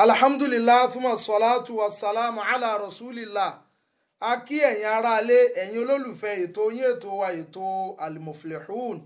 alhamdulillah thumma salatu wa salamu ala rasulillah a kí ẹ̀yin aráalé ẹ̀yin olólùfẹ́ ètò yín ètò wa ètò almuflihun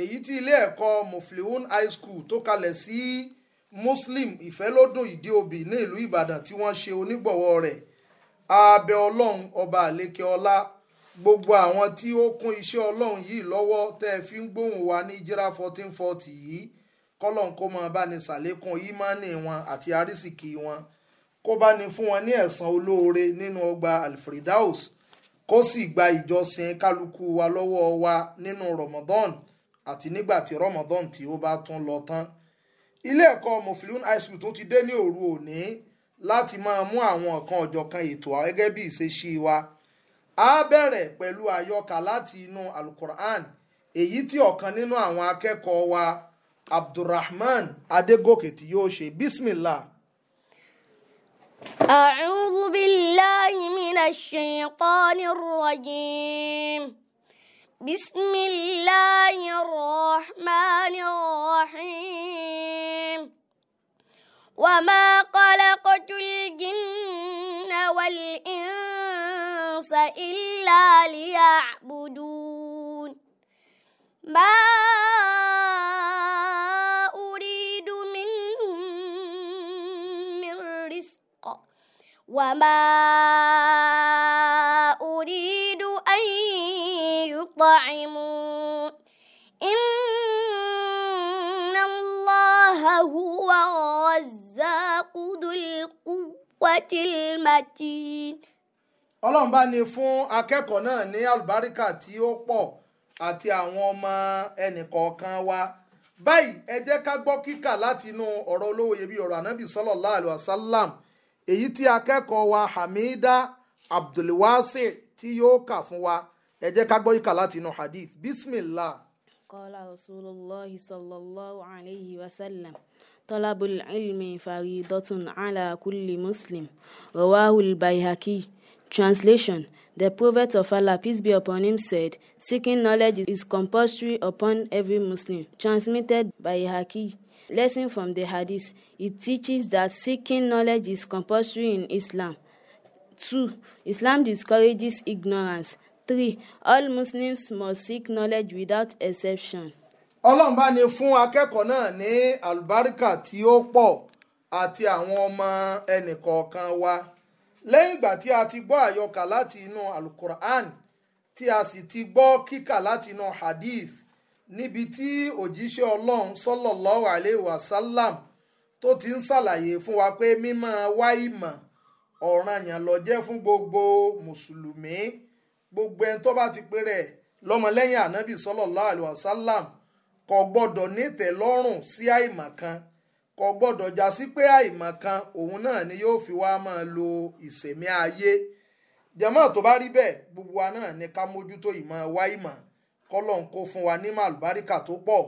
èyí tí ilé ẹ̀kọ́ muflihun high school tó kalẹ̀ sí muslim ìfẹ́lódùn ìdí òbí ní ìlú ìbàdàn tí wọ́n ṣe onígbọ̀wọ́ rẹ̀ abẹ ọlọ́run ọba àlékè ọlá gbogbo àwọn tí ó kún iṣẹ́ ọlọ́run yìí lọ́wọ́ tẹ́ ẹ fi ń gbóhùn wa ní ìjírá fourteen forty yìí kọ́lọ́n kó máa bá ní sàlékún ìmánì wọn àti àrísìkí wọn kó bá ní fún wọn ní ẹ̀san olóore nínú ọgbà alfredaus kó sì gba ìjọsìn kálukú wa lọ́wọ́ wa nínú ramadan àti nígbà tí ramadan tí ó bá tún lọ tán ilé ẹ̀kọ́ mufliun high school tó ti dé ní òru òní láti máa mú àwọn nǹkan ọ̀jọ̀kan ètò gẹ́gẹ́ bí ìṣesí wa a bẹ̀rẹ̀ pẹ̀lú àyọkà láti inú alukur'an èyí tí ọ̀kan nínú àwọn akẹ́kọ̀ọ́ wa abdulrahman adegoke tí yóò ṣe bismillah. أعوذ بالله من الشيطان الرجيم بسم الله الرحمن الرحيم وما خلقت الجن والإنس إلا ليعبدون وما أريد أن يطعمون إن الله هو الرزاق ذو القوة المتين ọlọ́run bá ní fún akẹkọọ náà ní àlùbáríkà tí ó pọ̀ àti àwọn ọmọ ẹnìkọ̀ọ̀kan wa báyìí ẹ jẹ́ ká gbọ́ kíkà látinú ọ̀rọ̀ olówó iyebíye ọ̀rọ̀ ànábì èyí tí akẹ́kọ̀ọ́ wa hamida abdulwasi tí yóò kà fún wa ẹ jẹ́ ká gbọ́ ìkà láti inú hadith bismillah. qala rasulullah sallallahu alayhi wa sallam talabul ilmi faridatun ala kulli muslim rawahul bayhaqi translation The Prophet of Allah, peace be upon him, said, Seeking knowledge is compulsory upon every Muslim. Transmitted by Haki. Lesson from the Hadith It teaches that seeking knowledge is compulsory in Islam. Two, Islam discourages ignorance. Three, All Muslims must seek knowledge without exception. Ọlọ́run bá ní fún akẹ́kọ̀ọ́ náà ní àlùbáríkà tí ó pọ̀ àti àwọn ọmọ ẹnìkọ̀ọ̀kan wa. Lẹ́yìn ìgbà tí a ti gbọ́ àyọkà láti inú Alukur'an tí a sì ti gbọ́ kíkà láti inú Hadith níbi tí òjíṣẹ́ ọlọ́run sallallahu alaihi wasallam tó ti ń ṣàlàyé fún wa pé mímọ́ wá ìmọ̀ ọ̀ranyàn ló jẹ́ fún gbogbo mùsùlùmí gbogbo ẹni tó bá ti pé lọ́mọlẹ́yìn ànábì sallallahu alaihi wasallam kò gbọ́dọ̀ nítẹ̀ lọ́rùn sí àìmọ̀ kan kò gbọ́dọ̀ já sí pé àìmọ̀ kan òun náà ni yóò fi wá máa lo ìsẹ̀mí ayé jàmáà tó bá rí bẹ́ẹ̀ gbogbo wa náà ní ká mójútó ìmọ̀ wá ìmọ̀ kọ́lọ́n kó fún wa ní màlúbáríkà tó pọ̀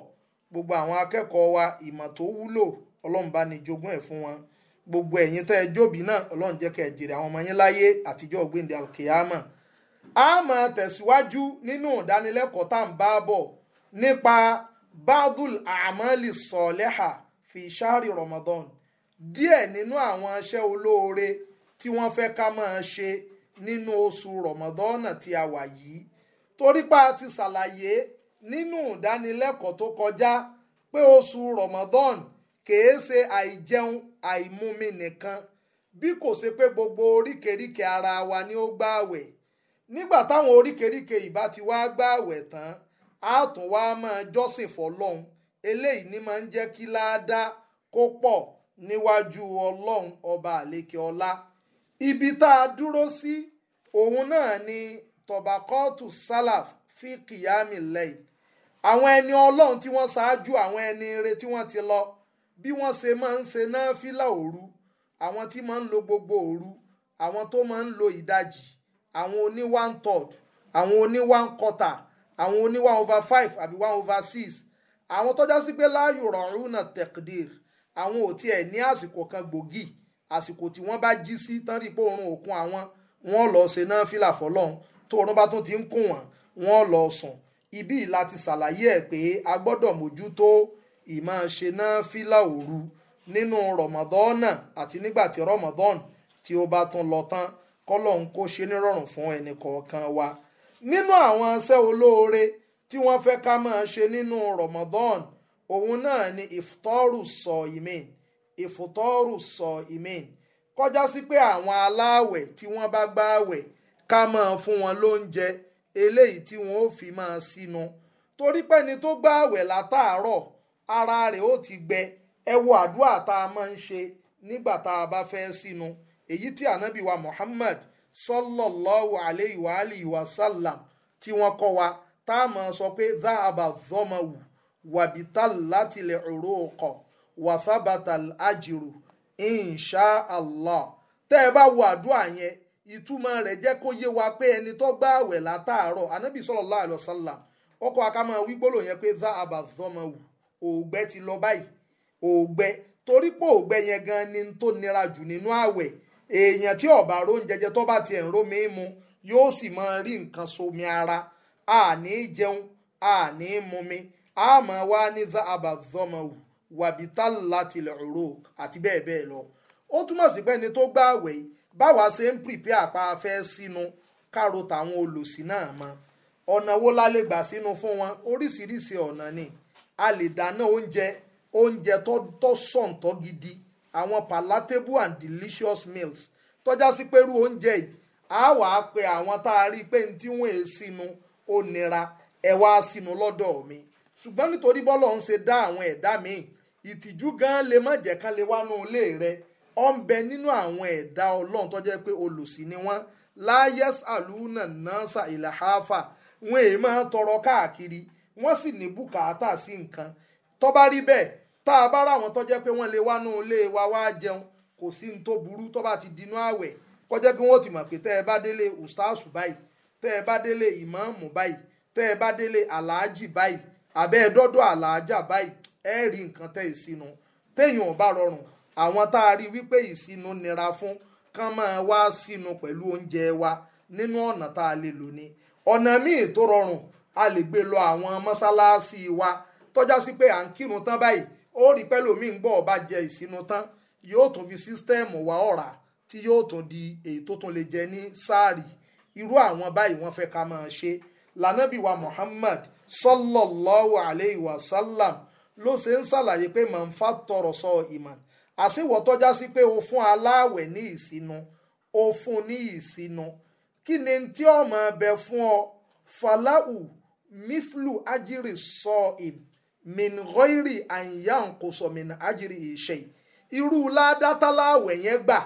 gbogbo àwọn akẹ́kọ̀ọ́ wa ìmọ̀ tó wúlò ọlọ́run bá ní jogún ẹ̀ fún wọn gbogbo ẹ̀yin tẹ́ ẹ jóbi náà ọlọ́run jẹ́ kẹ́ ẹ jèrè àwọn ọmọ yín láyé àtijọ́ ògbéǹde alkiyama a máa tẹ̀síwájú nínú ìdánilẹ́kọ̀ọ́ tá à ń bá bọ̀ nípa badul amali sọ̀lẹ́hà fi ṣáàrì Ramadan díẹ̀ nínú àwọn iṣẹ́ olóore tí wọ́n fẹ́ ká máa ṣe nínú oṣù Ramadan tí a wà yìí torípa ti ṣàlàyé nínú ìdánilẹ́kọ̀ọ́ tó kọjá pé oṣù Ramadan kèé ṣe àìjẹun àìmumi nìkan bí kò ṣe pé gbogbo oríkèríkè ara wa ni ó gbààwẹ̀ nígbà táwọn oríkèríkè ìbá ti wá gbààwẹ̀ tán á tún wá máa jọ́sìn fọlọ́hun eléyìí ni máa ń jẹ́ kí láàdá kó pọ̀ níwájú ọlọ́run ọba àlékè ọlá ibi tá a dúró sí òun náà ni tọ̀bàkọ́ọ̀tù salaf fi kìyàmì lẹ́yìn àwọn ẹni ọlọ́run tí wọ́n ṣáájú àwọn ẹni ire tí wọ́n ti lọ bí wọ́n ṣe máa ń ṣe náfìlà òru àwọn tí máa ń lo gbogbo òru àwọn tó máa ń lo ìdajì àwọn oní one third àwọn oní one quarter àwọn oní one over five àbí one over six àwọn tọ́já sí pé láàyò rọ̀rùn náà tẹ̀kídìr àwọn ò tiẹ̀ ní àsìkò kan gbòógì àsìkò tí wọ́n bá jí sí tán rí pé òórùn òkun àwọn wọ́n lọ ṣe náfìlà fọlọ́run tóorun bá tún ti ń kùn wọ́n wọ́n lọ sùn ibí láti ṣàlàyé ẹ̀ pé a gbọ́dọ̀ mójútó ìmáa ṣe náfìlà òru nínú rọmọdọ́nà àti nígbà tí rọmọdọ́n tí ó bá tún lọ tán kọ́lọ́hún kó ṣe nírọ̀rùn fún ẹnì kọ̀ọ̀kan wa nínú àwọn iṣẹ́ olóore tí wọ́n fẹ́ ká máa ṣe nínú rọmọdọ́n òun náà ni ìfutọ́rù sọ ìmín ìfutọ́rù sọ ìmín kọjá sí pé àwọn aláàwẹ̀ tí wọ́n bá gbáàwẹ̀ ká máa fún wọn lóúnjẹ eléyìí tí wọn ó fi máa sínú torí pẹ́ni tó gbá àwẹ̀ látàárọ̀ ara rẹ̀ ó ti gbẹ ẹ wo àdúrà tá a máa ń ṣe nígbà tá a bá fẹ́ sínú èyí tí ànábì Muhammad sallallahu alayhi wa alihi wa sallam tí wọ́n kọ́ wa tá a máa sọ pé dáàbà zọ́mọ̀wù wàbítàl láti lè òró ọkọ̀ wàfábàtàl àjìrò insha tẹ́ ẹ bá wo àdúrà yẹn ìtumọ̀ rẹ̀ jẹ́ kó yé wa pé ẹni tó gbá àwẹ̀ látàárọ̀ anábì ọkọ̀ akamọ̀ wígbólò yẹn pé za àbàzọ́mọ ti lọ báyìí òògbẹ́ torí pé òògbẹ́ yẹn gan ni tó nira jù nínú àwẹ̀ èèyàn tí mi mu yóò sì máa rí nǹkan somi ara a ní mumi a máa wá ní za wàbítà àti bẹ́ẹ̀ bẹ́ẹ̀ lọ ó túmọ̀ sí pé báwa ṣe ń pìpẹ́ àpá afẹ́ sínú káàró tàwọn olùsí náà mọ́ ọ̀nà wo la lè gbà sínú fún wọn oríṣiríṣi ọ̀nà ni a lè dáná oúnjẹ oúnjẹ tó sọ̀ǹtọ́ gidi àwọn palatable and delicious meals tọ́já sí pẹ̀lú oúnjẹ yìí a wàá pe àwọn tá a rí i pé ní tí wọ́n è sínú ó nira ẹ wá sínú lọ́dọ̀ mi ṣùgbọ́n nítorí bọ́lọ̀ ń ṣe dá àwọn ẹ̀dá míì ìtìjú gan lè má jẹ́ kán lè wá nú ilé rẹ̀ ó ń bẹ nínú àwọn ẹ̀dá ọlọ́run tó jẹ́ pé olùsìn ni wọ́n láyẹ́s àlùnà náà sà ìlàháfà wọn èyí máa tọrọ káàkiri wọ́n sì ní bùkátà sí nǹkan tó bá rí bẹ́ẹ̀ tá a bá ráwọn tó jẹ́ pé wọ́n lè wánú ilé wa wá jẹun kò sí ní tó burú tó bá ti dinú àwẹ̀ kó jẹ́ pé wọ́n ti mọ̀ pé tẹ́ ẹ bá délé ustaasu báyìí tẹ́ ẹ bá délé ìmáàmù báyìí tẹ́ ẹ bá délé aláàjì báyìí àbẹ́ aláàjà báyìí ẹ nǹkan tẹ́ ẹ sínú téèyàn ò bá rọrùn àwọn tá a rí wípé ìsinú nira fún kán máa wá sínú pẹ̀lú oúnjẹ wa nínú ọ̀nà tá a lè lò ní ọ̀nà míì tó rọrùn a lè gbé lọ àwọn mọ́sálásí wa tọ́já sí pé à ń kírun tán báyìí ó rí pẹ́lú mi ń gbọ́ ọba jẹ ìsinú tán yóò tún fi sísítẹ́ẹ̀mù wa ọ̀rà tí yóò tún di èyí tó tún lè jẹ ní sáàrì irú àwọn báyìí wọ́n fẹ́ ká máa ṣe lànàbí wa Muhammad sallallahu alayhi wa sallam ló ṣe ń ṣàlàyé pé màá ń fa tọrọ sọ ìmàn àṣewọ̀ tọ́já sí pé o fún aláàwẹ̀ ní ìsinu o fún ní ìsinu kí ni tí ọmọ ẹbẹ fún ọ falahu miflu ajiri sọ im min ghairi àyàn kò sọ min ajiri ìṣe irú ládátàláwẹ̀ yẹn gbà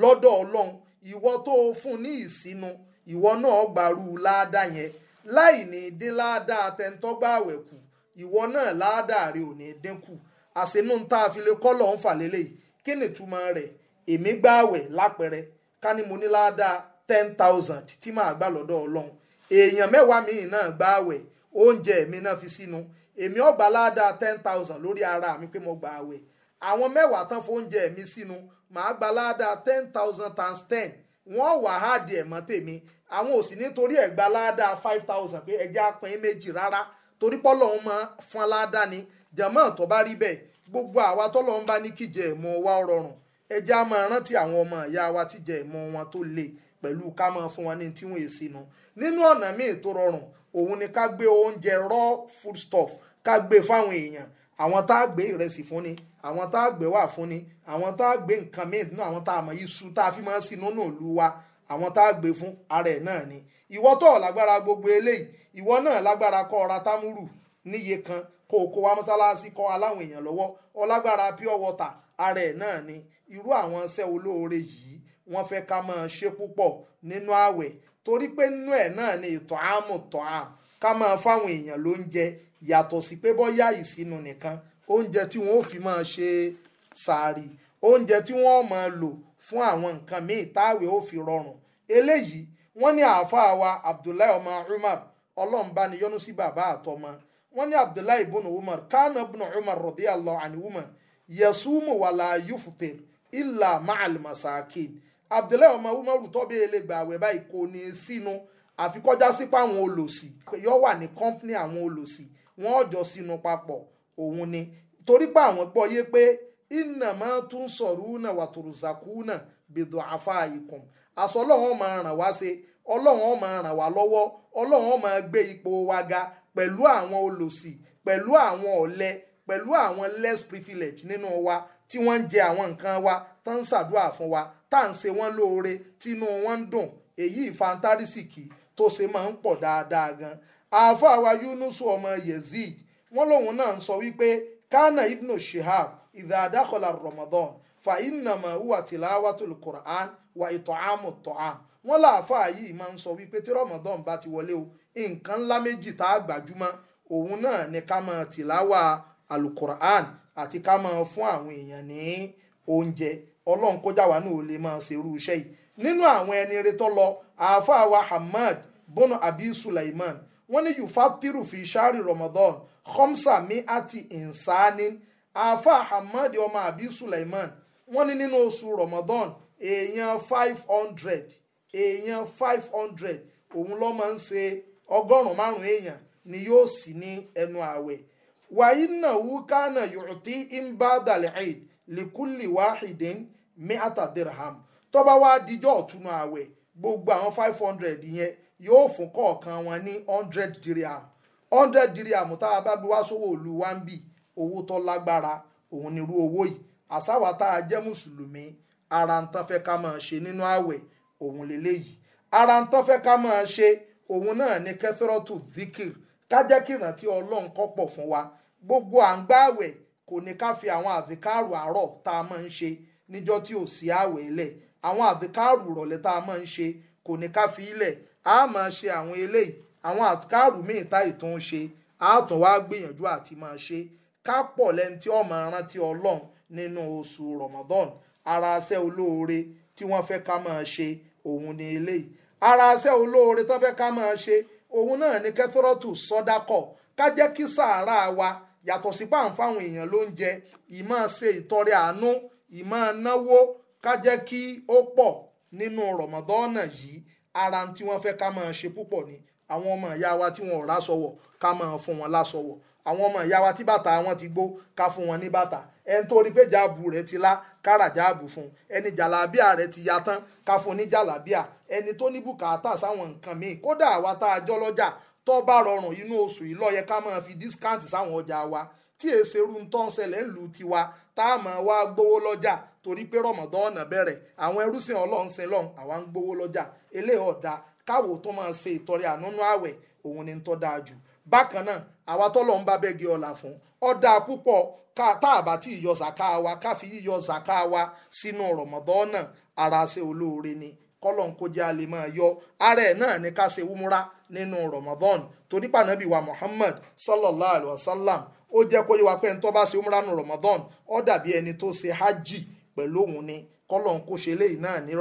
lọ́dọ̀ ọlọ́run ìwọ tó o fún ní ìsinu ìwọ náà gbàrú ládàá yẹn láì ní dín ládàá tẹ́ńtọ́gbàwẹ̀ kù ìwọ náà ládàá rẹ ò ní dín kù àṣenú tá a fi lè kọ́ lọ́ọ́ ń fà lélẹ́yìí kí ni ìtumọ̀ rẹ̀ èmi gbààwẹ̀ lápẹẹrẹ ká ní mo ní ládàá ten thousand tí màá gbà lọ́dọ̀ ọlọ́run èèyàn mẹ́wàá mi náà gbààwẹ̀ oúnjẹ mi náà fi sínú èmi ó gbà ládàá ten thousand lórí ara mi pé mo gbààwẹ̀ àwọn mẹ́wàá tán fóúnjẹ mi sínú màá gbà ládàá ten thousand times ten wọ́n wà á di ẹ̀mọ́ tèmi àwọn ò sì nítorí ẹ̀ gbà ládàá five thousand pé ẹja pín méjì rárá torí pé Ọlọ́run máa fún aládàá ni jàmọ́ tó bá rí bẹ́ẹ̀ gbogbo àwa tọ́lọ́ ń bá ní kíjẹ ẹ̀mọ́ wa rọrùn ẹjẹ́ á máa rántí àwọn ọmọ ìyá wa tíjẹ ẹ̀mọ́ wọn tó le pẹ̀lú ká máa fún wọn ní tí wọ́n èsì nu nínú ọ̀nà míì tó rọrùn òun ni ká gbé oúnjẹ raw food stuff ká gbé fáwọn èèyàn àwọn tá a gbé ìrẹsì fún ni àwọn tá a gbé wà fún ni àwọn tá a gbé nǹkan míì nínú àwọn tá a mọ̀ iṣu tá a fi máa ń sinú náà lu wa àwọn tá a gbé fún ara ẹ̀ náà ni ìwọ tó lágbára gbogbo eléyìí ìwọ náà lágbára kọ́ ọ̀ra támúrù níye kan kó o kó wa mọ́sálásí kọ́ aláwọn èèyàn lọ́wọ́ ọlágbára pure water ara ẹ̀ náà ni irú àwọn iṣẹ́ olóore yìí wọ́n fẹ́ ká máa ṣe púpọ̀ nínú ààwẹ̀ torí pé nínú ẹ̀ náà ni ìtọ̀ àmù tọ̀ àm ká máa fáwọn èèyàn lóúnjẹ yàtọ̀ sí pé bọ́yá ìsinu nìkan oúnjẹ tí wọ́n ó fi máa ṣe sàárì oúnjẹ tí wọ́n máa lò fún àwọn nǹkan míì táwẹ̀ ó fi rọrùn eléyìí wọ́n ní àáfàá wa Abdullahi ọmọ Umar ọlọ́mbániyọ́nú sí bàbá àtọmọ nwanne abdullahi ibn umar kana ibn umar radiyallahu anhuma yasumu wala yuftir illa ma'al masakin abdullahi ọmọ umar tó bẹ́ẹ̀ lè gbà àwẹ̀ báyìí kò ní í sínú àwọn olòṣì sinu wà ní kọ́ńpínì àwọn olosi wọ́n jọ papọ̀ ni torí àwọn gbọ́ yé pé iná máa tún sọ̀rọ̀ náà wà wa ga pẹ̀lú àwọn olòṣì pẹ̀lú àwọn ọ̀lẹ pẹ̀lú àwọn less privileged nínú wa tí wọ́n ń jẹ àwọn nǹkan wa tó ń ṣàdúrà fún wa tá à ń ṣe wọ́n lóore tínú wọn ń dùn èyí ìfantárísìkì tó ṣe máa ń pọ̀ dáadáa gan àáfàá wa Yunusu ọmọ Yazid wọ́n lòun náà sọ wípé kana ibnu shihab ìdàdàkọlà Ramadan fa innama huwa tilawatul Qur'an wa it'amut ta'am wọ́n láàfáà yìí máa ń sọ wípé tí rọmọdán bá ti wọlé o nǹkan ńlá méjì tá a gbàjúmọ́ òun náà ni ká máa tìláwà alukur'an àti ká máa fún àwọn èèyàn ní oúnjẹ ọlọ́run kọjá wa náà ò lè máa ṣerú iṣẹ́ yìí nínú àwọn ẹni retọ́ lọ àáfàá wa hamad bono abi sulaiman wọ́n ní yufatiru fi shari ramadan khomsa mi àti insanin àáfàá hamad ọmọ abi sulaiman wọ́n ní nínú oṣù ramadan èèyàn five hundred èèyàn five hundred òun ma ń ṣe ọgọ́rùn-ún márùn-ún èèyàn ni yóò sì ní ẹnu ààwẹ̀ wàyí náà wú kánà yòòtí imbadalẹ̀ likuli wahidin miata dirham tó ọ̀túnú ààwẹ̀ gbogbo àwọn five hundred yẹn yóò fún kọ̀ọ̀kan wọn ní hundred dirham hundred dirham tá a bá bí wá sówó owó tó lágbára òun owó yìí a jẹ́ mùsùlùmí ara ń òun lélẹ́yìí ara ń tán fẹ́ ká máa ṣe òun náà ni kẹ́sọ́rọ́tù zikir ká jẹ́ kí ìrántí ọlọ́run kó pọ̀ fún wa gbogbo à ń gbá àwẹ̀ kò ní ká fi àwọn àzìkáàrù àárọ̀ tá a máa ń ṣe níjọ́ tí ò sí àwẹ̀ lẹ̀ àwọn àzìkáàrù ìrọ̀lẹ́ tá a máa ń ṣe kò ní ká fi ilẹ̀ a máa ṣe àwọn eléyìí àwọn àzìkáàrù míì tá ìtún ṣe a tún wá gbìyànjú àti máa ṣe ká pọ̀ lẹ́ni tí ọmọ rántí ọlọ́run nínú oṣù Ramadan ara aṣẹ́ olóore tí wọ́n fẹ́ ká máa ṣe òun ni eléyìí ara iṣẹ́ olóore tán fẹ́ ká máa ṣe òun náà ni kẹ́tọ́rọ́tù sọ́dákọ̀ ká jẹ́ kí sàárà wa yàtọ̀ sí pàǹfà àwọn èèyàn ló ń jẹ ìmọ̀ ṣe ìtọrẹ àánú ìmọ̀ náwó ká jẹ́ kí ó pọ̀ nínú rọ̀mọ̀dọ́nà yìí ara tí wọ́n fẹ́ ká máa ṣe púpọ̀ ni àwọn ọmọ ìyá wa tí wọn ò rásọwọ̀ ká máa fún wọn lásọwọ̀ àwọn ọmọ ìyá wa tí bàtà wọn ti gbó ká fún wọn ní bàtà ẹni tó rí pé jáàbù rẹ̀ ti lá kára jáàbù fún ẹni jàlábíà rẹ̀ ti ya tán ká fún ní jàlábíà ẹni tó ní bùkátà sáwọn nǹkan míì kódà àwa tá a jọ lọ́jà tó bá rọrùn inú fi discount sáwọn ọjà wa tí èsè irú ṣẹlẹ̀ ń lu tiwa tá a máa wá gbowó lọ́jà torí pé rọ̀mọ̀dọ́nà bẹ̀rẹ̀ àwọn ẹrúsìn ọlọ́run àwa àwa tọ́lọ̀ ń bá bẹ́gi ọ̀la fún ọ̀dà púpọ̀ ká tá a bá tí ì wa ká fi wa sínú rọ̀mọ̀dọ́nà ara ṣe olóore ni kọ́lọ̀ ń kọjá lè máa yọ ara ẹ̀ náà ni ká ṣe wúmúra nínú rọ̀mọ̀dọ́n torí pànábì wa Muhammad sallallahu alayhi wa sallam ó jẹ́ kó yẹ wa pé ẹni tó bá ṣe wúmúra nínú rọ̀mọ̀dọ́n ó dàbí ẹni tó ṣe hajj pẹ̀lú òun ni kọ́lọ̀ ń kó ṣe léyìí náà ni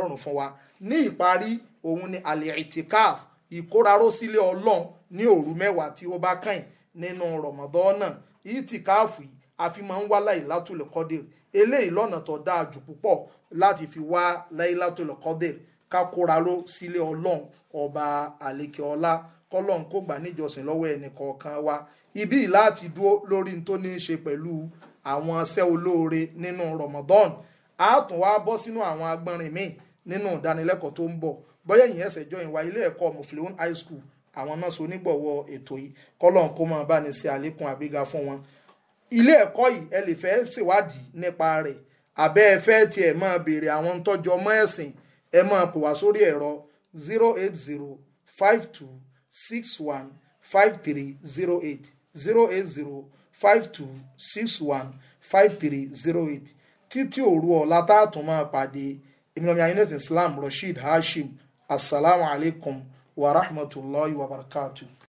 al-i'tikaf ìkóraró ní òru mẹ́wàá tí ó bá kàn yìí nínú rọ̀mọ̀dọ́nà ìtìkáàfù yìí àfi máa ń wá láìlátòlè kọ́dìrì eléyìí lọ́nà tó dáa jù púpọ̀ láti fi wá láìlátòlè kọ́dìrì kákóra ló sílé ọlọ́run ọba àlekè ọlá kọ́lọ́run kó gbà níjọsìn lọ́wọ́ ẹnì kọ̀ọ̀kan wa ibi láti dúró lórí tó ní í ṣe pẹ̀lú àwọn iṣẹ́ olóore nínú Ramadan a wa wá bọ́ sínú àwọn agbọ́nrin míì nínú ìdánilẹ́kọ̀ọ́ tó ń bọ̀ bóyá ẹsẹ̀ jọyìn wa ilé ẹ̀kọ́ mufleon high school àwọn náà so onígbọ̀wọ́ ètò yìí kọ́lọ́n kó máa bá ní ṣe àlékún àgbéga fún wọn. ilé ẹ̀kọ́ yìí ẹ lè fẹ́ ṣèwádìí nípa rẹ̀ àbẹ́ ẹ fẹ́ tiẹ̀ máa béèrè àwọn tọ́jọ́ mọ́ ẹ̀sìn ẹ máa pè wá sórí ẹ̀rọ zero eight zero five two six one five three zero eight zero eight zero five two six one five three zero eight títí òru ọ̀la tá a tún máa pàdé ìmìlọ́mìyàn Islam Rasheed Hashim asalaamualeykum. As wa rahmatulahi wa barakatuh.